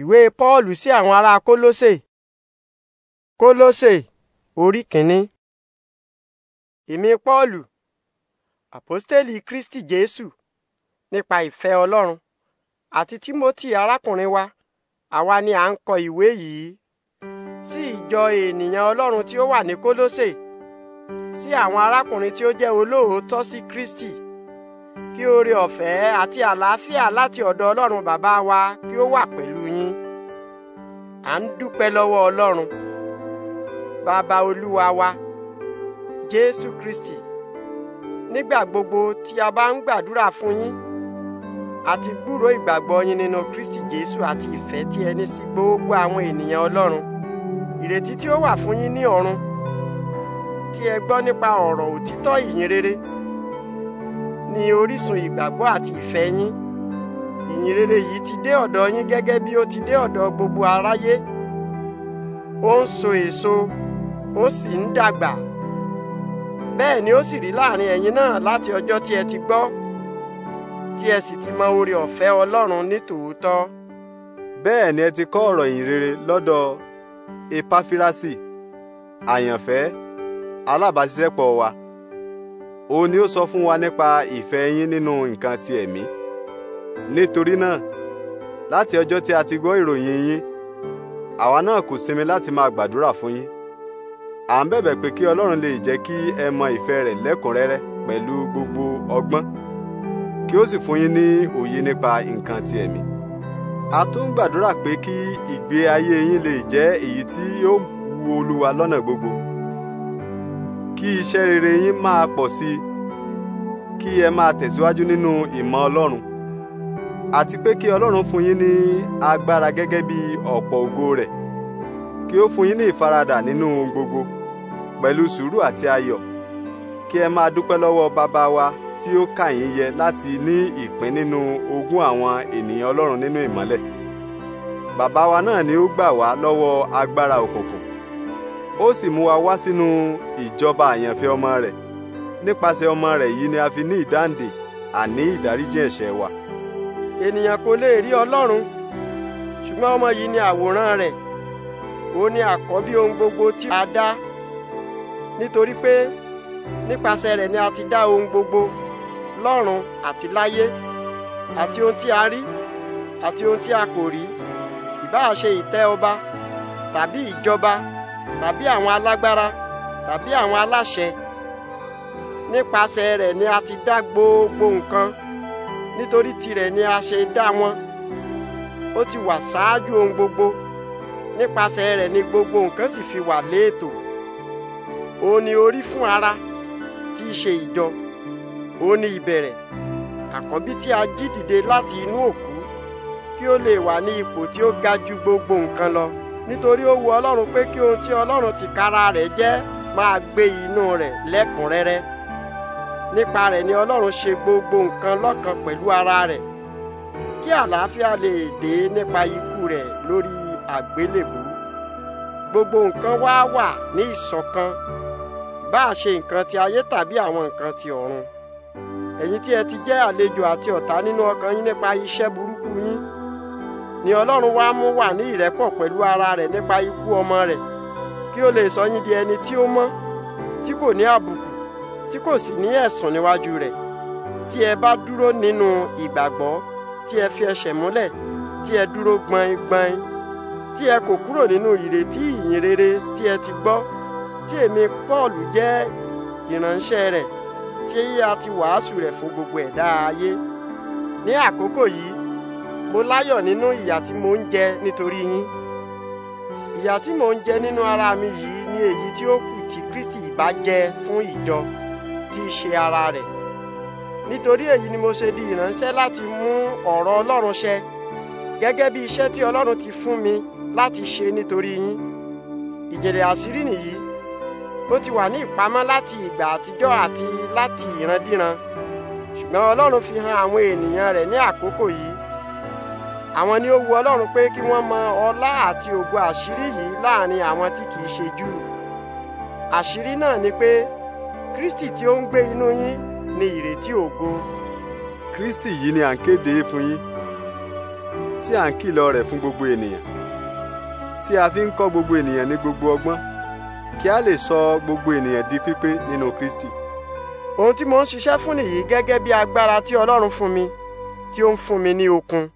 ìwé Paul sí àwọn ará Kólósè Kólósè orí kìíní. Èmi Pọ́ọ̀lù, àpọ́stélì Kristi Jésù nípa ìfẹ́ Ọlọ́run àti Tímótì arákùnrin wa, àwa ni à ń kọ ìwé yìí sí ìjọ ènìyàn Ọlọ́run tí ó wà ní Kólósè sí àwọn arákùnrin tí ó jẹ́ olóòótọ́ sí Kristi kí oore ọ̀fẹ́ àti àlàáfíà láti ọ̀dọ̀ ọlọ́run bàbá wa kí ó wà pẹ̀lú yín à ń dúpẹ́ lọ́wọ́ ọlọ́run bàbá olúwa wa jésù kristi nígbà gbogbo tí a bá ń gbàdúrà fún yín àti gbúrò ìgbàgbọ́ yín nínú kristi jésù àti ìfẹ́ tí ẹ ní sí gbogbo àwọn ènìyàn ọlọ́run ìrètí tí ó wà fún yín ní ọ̀run tí ẹ gbọ́ nípa ọ̀rọ̀ òtítọ́ ìyìn rere ni orísun ìgbàgbọ́ àti ìfẹ́ yín ìyìn rere yìí ti dé ọ̀dọ̀ yín gẹ́gẹ́ bí ó ti dé ọ̀dọ̀ gbogbo aráyé ó ń so èso ó sì ń dàgbà bẹ́ẹ̀ ni ó sì rí láàrin ẹ̀yin náà láti ọjọ́ tí ẹ ti gbọ́ tí ẹ sì ti mọ oore ọ̀fẹ́ Ọlọ́run ní tòótọ́ bẹ́ẹ̀ ni ẹ ti kọ́ ọ̀rọ̀ ìyìn rere lọ́dọ̀ Epafirasi àyànfẹ́ alábàáṣiṣẹ́pọ̀ wa òun ni ó sọ fún wa nípa ìfẹ́ yín nínú nǹkan ti ẹ̀mí nítorí náà láti ọjọ́ tí a ti gbọ́ ìròyìn yín àwa náà kò sinmi láti máa gbàdúrà fún yín à ń bẹ̀bẹ̀ pé kí ọlọ́run lè jẹ́ kí ẹ mọ ìfẹ́ rẹ̀ lẹ́kùnrẹ́rẹ́ pẹ̀lú gbogbo ọgbọ́n kí ó sì fún yín ní òye nípa nǹkan ti ẹ̀mí a tún ń gbàdúrà pé kí ìgbé ayé yín lè jẹ́ èyí tí yóò wu olúwa lọ́nà gbogbo kí iṣẹ́ rere yín máa pọ̀ sí i kí ẹ máa tẹ̀síwájú nínú ìmọ̀ Ọlọ́run àti pé kí Ọlọ́run fún yín ní agbára gẹ́gẹ́ bí ọ̀pọ̀ ògo rẹ̀ kí ó fún yín ní ìfaradà nínú gbogbo pẹ̀lú sùúrù àti ayọ̀ kí ẹ máa dúpẹ́ lọ́wọ́ bàbá wa tí ó kà yín yẹ láti ní ìpín nínú ogún àwọn ènìyàn Ọlọ́run nínú ìmọ́lẹ̀ bàbá wa náà ni ó gbà wá lọ́wọ́ agbára òkùnkùn ó sì mú wa wá sínú ìjọba àyànfẹ́ ọmọ rẹ̀ nípasẹ̀ ọmọ rẹ̀ yìí ni a fi ní ìdáǹdè àní ìdáríjì ẹ̀ṣẹ̀ wa. ènìyàn kò lè rí ọlọ́run ṣùgbọ́n ọmọ yìí ni àwòrán rẹ̀ ó ní àkọ́bí ohun gbogbo tí a dá nítorí pé nípasẹ̀ rẹ̀ ni a ti dá ohun gbogbo lọ́run àti láyé àti ohun tí a rí àti ohun tí a kò rí ìbáà ṣe ìtẹ́ ọba tàbí ìjọba tàbí àwọn alágbára tàbí àwọn aláṣẹ nípasẹ̀ rẹ̀ ni a ti dá gbogbo nǹkan nítorí tirẹ̀ ni a ṣe dá wọn ó ti wà ṣáájú ohun gbogbo nípasẹ̀ rẹ̀ ni gbogbo nǹkan sì fi wà léètò òun ni orí fún ara tí í ṣe ìjọ òun ni ìbẹ̀rẹ̀ àkọ́bí tí a jí dìde láti inú òkú kí ó lè wà ní ipò tí ó ga ju gbogbo nǹkan lọ nítorí ó wu ọlọ́run pé kí ohun tí ọlọ́run tìkára rẹ̀ jẹ́ máa gbé inú rẹ̀ lẹ́kùnrẹ́rẹ́ nípa rẹ̀ ni ọlọ́run ṣe gbogbo nǹkan lọ́kan pẹ̀lú ara rẹ̀ kí àlàáfíà lè dé nípa ikú rẹ̀ lórí àgbélébù gbogbo nǹkan wá wà ní ìṣọ̀kan bá a ṣe nǹkan ti ayé tàbí àwọn nǹkan ti ọ̀run ẹ̀yin tí ẹ ti jẹ́ àlejò àti ọ̀tá nínú ọkàn yín nípa iṣẹ́ burúkú yín ni ọlọ́run wá mú wà ní ìrẹ́pọ̀ pẹ̀lú ara rẹ̀ nípa ikú ọmọ rẹ̀ kí ó lè sọ yín di ẹni tí ó mọ́ tí kò ní àbùkù tí kò sì ní ẹ̀sùn níwájú rẹ̀ tí ẹ bá dúró nínú ìgbàgbọ́ tí ẹ fi ẹsẹ̀ múlẹ̀ tí ẹ dúró gbọ̀ngbọ̀n tí ẹ kò kúrò nínú ìrètí ìyìn rere tí ẹ ti gbọ́ tí èmi Paul jẹ́ ìránṣẹ́ rẹ̀ tí a ti wàásù rẹ̀ fún gbogbo ẹ̀dá ayé ní àkókò yìí mo láyọ̀ nínú ìyà tí mo ń jẹ nítorí yín ìyà tí mo ń jẹ nínú ara mi yìí ni èyí tí ó kù tí Kristi ìbá jẹ fún ìjọ tí í ṣe ara rẹ̀ nítorí èyí ni mo ṣe di ìránṣẹ́ láti mú ọ̀rọ̀ Ọlọ́run ṣẹ gẹ́gẹ́ bí iṣẹ́ tí Ọlọ́run ti fún mi láti ṣe nítorí yín ìjìnlẹ̀ àṣírí nìyí ó ti wà ní ìpamọ́ láti ìgbà àtijọ́ àti láti ìrandíran ṣùgbọ́n Ọlọ́run fi hàn àwọn ènìyàn rẹ̀ ní àkókò yìí àwọn ni ó wu ọlọ́run pé kí wọ́n mọ ọlá àti ògo àṣírí yìí láàrin àwọn tí kìí ṣe Júù àṣírí náà ni pé Kristi tí ó ń gbé inú yín ni ìrètí ògo. Kristi yìí ni à ń kéde fún yín tí à ń kìlọ̀ rẹ̀ fún gbogbo ènìyàn tí a fi ń kọ́ gbogbo ènìyàn ní gbogbo ọgbọ́n kí a lè sọ gbogbo ènìyàn di pípé nínú Kristi. ohun tí mo ń ṣiṣẹ́ fún nìyí gẹ́gẹ́ bí agbára tí Ọlọ́run fún mi tí ó ń fún mi ní okun.